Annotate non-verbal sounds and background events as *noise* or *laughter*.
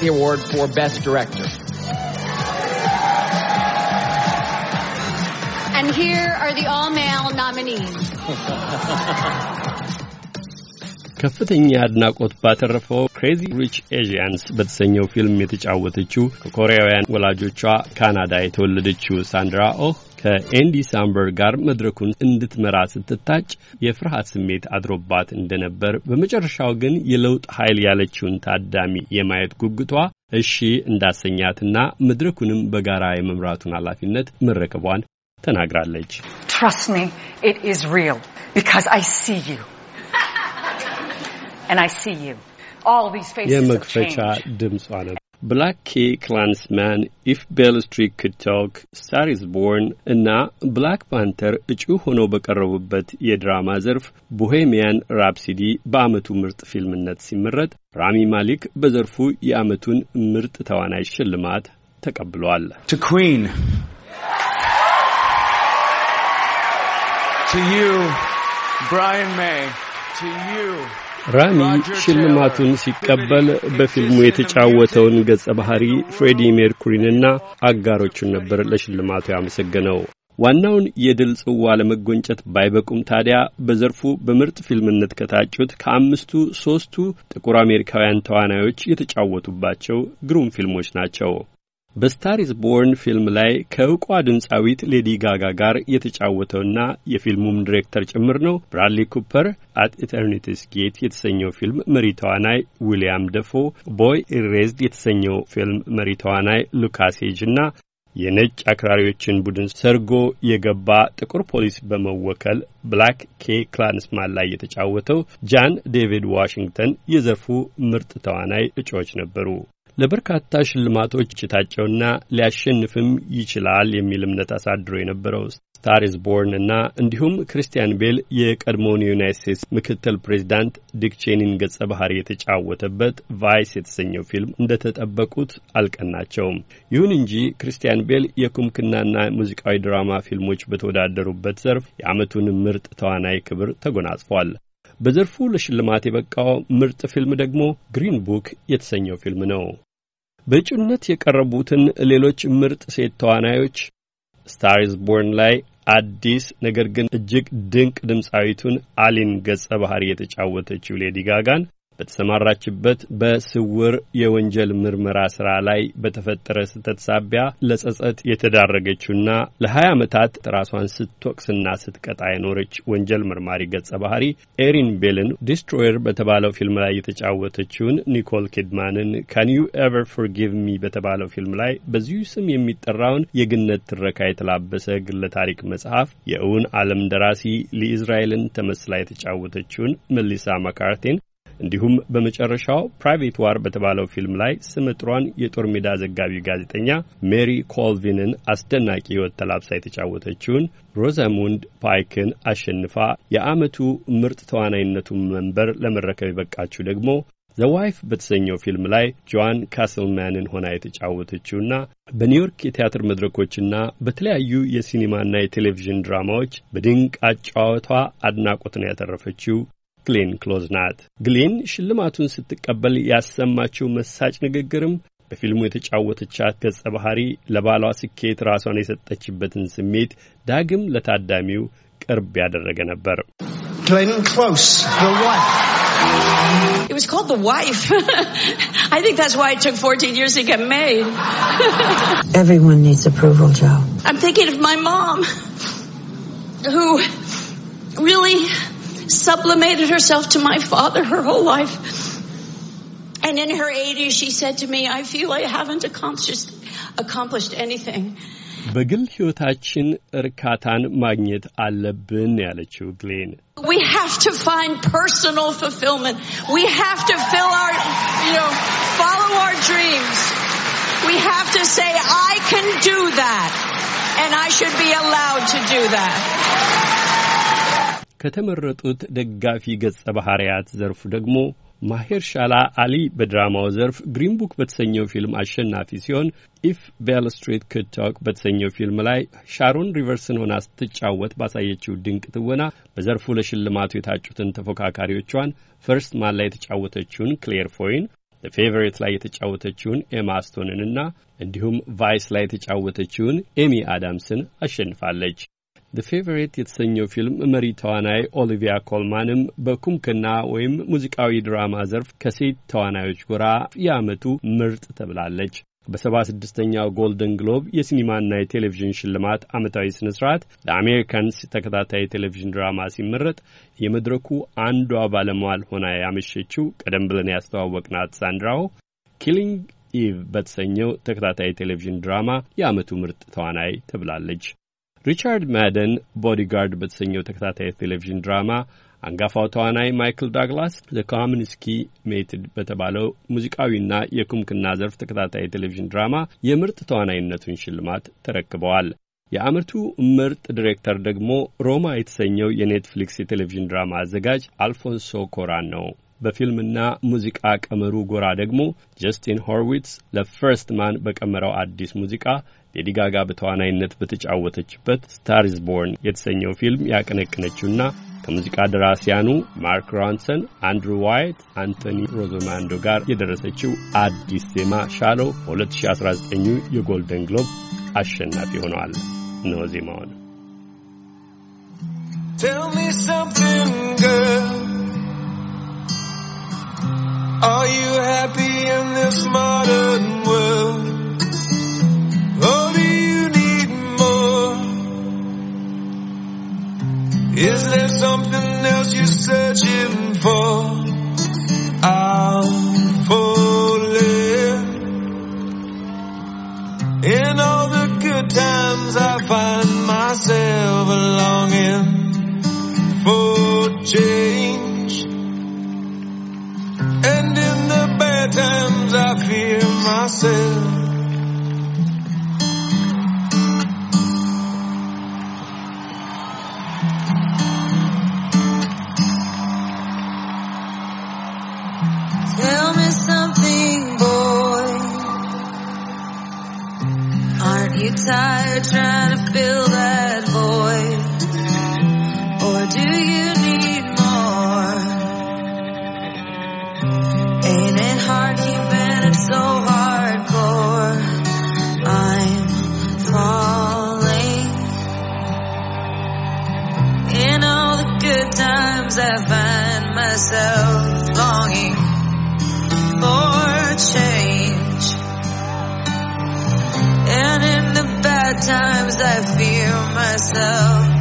the award for Best Director. And here are the all male nominees. *laughs* ከፍተኛ አድናቆት ባተረፈው ክሬዚ ሪች ኤዥያንስ በተሰኘው ፊልም የተጫወተችው ከኮሪያውያን ወላጆቿ ካናዳ የተወለደችው ሳንድራ ኦህ ከኤንዲ ሳምበር ጋር መድረኩን እንድትመራ ስትታጭ የፍርሃት ስሜት አድሮባት እንደነበር፣ በመጨረሻው ግን የለውጥ ኃይል ያለችውን ታዳሚ የማየት ጉጉቷ እሺ እንዳሰኛትና መድረኩንም በጋራ የመምራቱን ኃላፊነት መረከቧን ተናግራለች። Trust የመክፈቻ ድምጿ ነው። ብላክ ኬ ክላንስማን፣ ኢፍ ቤል ስትሪት ክድ ቶክ፣ ቦርን እና ብላክ ፓንተር እጩ ሆነው በቀረቡበት የድራማ ዘርፍ ቦሄሚያን ራፕሲዲ በዓመቱ ምርጥ ፊልምነት ሲመረጥ ራሚ ማሊክ በዘርፉ የዓመቱን ምርጥ ተዋናይ ሽልማት ተቀብሏል። To you, ራሚ ሽልማቱን ሲቀበል በፊልሙ የተጫወተውን ገጸ ባህሪ ፍሬዲ ሜርኩሪንና አጋሮቹን ነበር ለሽልማቱ ያመሰገነው። ዋናውን የድል ጽዋ ለመጎንጨት ባይበቁም ታዲያ በዘርፉ በምርጥ ፊልምነት ከታጩት ከአምስቱ ሦስቱ ጥቁር አሜሪካውያን ተዋናዮች የተጫወቱባቸው ግሩም ፊልሞች ናቸው። በስታር ኢዝ ቦርን ፊልም ላይ ከእውቋ ድምፃዊት ሌዲ ጋጋ ጋር የተጫወተውና የፊልሙም ዲሬክተር ጭምር ነው ብራድሊ ኩፐር አት ኢተርኒቲስ ጌት የተሰኘው ፊልም መሪ ተዋናይ ዊልያም ደፎ፣ ቦይ ኢሬዝድ የተሰኘው ፊልም መሪ ተዋናይ ሉካሴጅ እና የነጭ አክራሪዎችን ቡድን ሰርጎ የገባ ጥቁር ፖሊስ በመወከል ብላክ ኬ ክላንስማን ላይ የተጫወተው ጃን ዴቪድ ዋሽንግተን የዘርፉ ምርጥ ተዋናይ እጩዎች ነበሩ። ለበርካታ ሽልማቶች የታጨውና ሊያሸንፍም ይችላል የሚል እምነት አሳድሮ የነበረው ስታር ቦርን እና እንዲሁም ክርስቲያን ቤል የቀድሞውን የዩናይት ስቴትስ ምክትል ፕሬዚዳንት ዲክ ቼኒን ገጸ ባህሪ የተጫወተበት ቫይስ የተሰኘው ፊልም እንደተጠበቁት አልቀናቸውም። ይሁን እንጂ ክርስቲያን ቤል የኩምክናና ሙዚቃዊ ድራማ ፊልሞች በተወዳደሩበት ዘርፍ የዓመቱን ምርጥ ተዋናይ ክብር ተጎናጽፏል። በዘርፉ ለሽልማት የበቃው ምርጥ ፊልም ደግሞ ግሪን ቡክ የተሰኘው ፊልም ነው። በእጩነት የቀረቡትን ሌሎች ምርጥ ሴት ተዋናዮች ስታርስ ቦርን ላይ አዲስ ነገር ግን እጅግ ድንቅ ድምፃዊቱን አሊን ገጸ ባህሪ የተጫወተችው ሌዲ ጋጋን በተሰማራችበት በስውር የወንጀል ምርመራ ስራ ላይ በተፈጠረ ስህተት ሳቢያ ለጸጸት የተዳረገችውና ለሀያ ዓመታት ራሷን ስትወቅስና ስትቀጣ የኖረች ወንጀል መርማሪ ገጸ ባህሪ ኤሪን ቤልን ዲስትሮየር በተባለው ፊልም ላይ የተጫወተችውን ኒኮል ኪድማንን ካን ዩ ኤቨር ፎርጊቭ ሚ በተባለው ፊልም ላይ በዚሁ ስም የሚጠራውን የግነት ትረካ የተላበሰ ግለ ታሪክ መጽሐፍ የእውን ዓለም ደራሲ ሊእዝራኤልን ተመስላ የተጫወተችውን መሊሳ መካርቴን እንዲሁም በመጨረሻው ፕራይቬት ዋር በተባለው ፊልም ላይ ስመጥሯን የጦር ሜዳ ዘጋቢ ጋዜጠኛ ሜሪ ኮልቪንን አስደናቂ ሕይወት ተላብሳ የተጫወተችውን ሮዛሙንድ ፓይክን አሸንፋ የዓመቱ ምርጥ ተዋናይነቱን መንበር ለመረከብ የበቃችው ደግሞ ዘ ዋይፍ በተሰኘው ፊልም ላይ ጆዋን ካስልማንን ሆና የተጫወተችውና በኒውዮርክ የቲያትር መድረኮችና በተለያዩ የሲኒማና የቴሌቪዥን ድራማዎች በድንቅ አጫዋቷ አድናቆትን ያተረፈችው ግሌን ክሎዝ ናት። ግሌን ሽልማቱን ስትቀበል ያሰማችው መሳጭ ንግግርም በፊልሙ የተጫወተቻት ገጸ ባህሪ ለባሏ ስኬት ራሷን የሰጠችበትን ስሜት ዳግም ለታዳሚው ቅርብ ያደረገ ነበር። sublimated herself to my father her whole life. And in her 80s, she said to me, I feel I haven't accomplished, accomplished anything. በግል ሕይወታችን እርካታን ማግኘት አለብን ያለችው ግሌን We have to find personal fulfillment. We have to fill our, you know, follow our dreams. We have to say, I can do that. And I should be allowed to do that. ከተመረጡት ደጋፊ ገጸ ባሕርያት ዘርፉ ደግሞ ማሄር ሻላ አሊ በድራማው ዘርፍ ግሪን ቡክ በተሰኘው ፊልም አሸናፊ ሲሆን ኢፍ ቤል ስትሪት ክድ በተሰኘው ፊልም ላይ ሻሮን ሪቨርስን ሆና ስትጫወት ባሳየችው ድንቅ ትወና በዘርፉ ለሽልማቱ የታጩትን ተፎካካሪዎቿን ፈርስት ማን ላይ የተጫወተችውን ክሌር ፎይን፣ ፌቨሬት ላይ የተጫወተችውን ኤማ እንዲሁም ቫይስ ላይ የተጫወተችውን ኤሚ አዳምስን አሸንፋለች። ዘ ፌቨሬት የተሰኘው ፊልም መሪ ተዋናይ ኦሊቪያ ኮልማንም በኩምክና ወይም ሙዚቃዊ ድራማ ዘርፍ ከሴት ተዋናዮች ጎራ የዓመቱ ምርጥ ተብላለች። በሰባ ስድስተኛው ጎልደን ግሎብ የሲኒማና የቴሌቪዥን ሽልማት ዓመታዊ ሥነ ሥርዓት ለአሜሪካንስ ተከታታይ የቴሌቪዥን ድራማ ሲመረጥ የመድረኩ አንዷ ባለሟል ሆና ያመሸችው ቀደም ብለን ያስተዋወቅናት ሳንድራው ኪሊንግ ኢቭ በተሰኘው ተከታታይ የቴሌቪዥን ድራማ የዓመቱ ምርጥ ተዋናይ ተብላለች። ሪቻርድ ማደን ቦዲጋርድ በተሰኘው ተከታታይ ቴሌቪዥን ድራማ አንጋፋው ተዋናይ ማይክል ዳግላስ ዘካሚንስኪ ሜትድ በተባለው ሙዚቃዊና የኩምክና ዘርፍ ተከታታይ ቴሌቪዥን ድራማ የምርጥ ተዋናይነቱን ሽልማት ተረክበዋል። የአመቱ ምርጥ ዲሬክተር ደግሞ ሮማ የተሰኘው የኔትፍሊክስ የቴሌቪዥን ድራማ አዘጋጅ አልፎንሶ ኮራን ነው። በፊልምና ሙዚቃ ቀመሩ ጎራ ደግሞ ጀስቲን ሆርዊትስ ለፈርስት ማን በቀመረው አዲስ ሙዚቃ ሌዲ ጋጋ በተዋናይነት በተጫወተችበት ስታርዝ ቦርን የተሰኘው ፊልም ያቀነቀነችውና ከሙዚቃ ደራሲያኑ ማርክ ራንሰን፣ አንድሩ ዋይት፣ አንቶኒ ሮዘማንዶ ጋር የደረሰችው አዲስ ዜማ ሻሎ 2019 2019 የጎልደን ግሎብ አሸናፊ ሆነዋል። እነሆ ዜማውን Tell me something, girl. Are you happy in this modern Is there something else you're searching for? I'll Sometimes I find myself longing for change. And in the bad times I fear myself.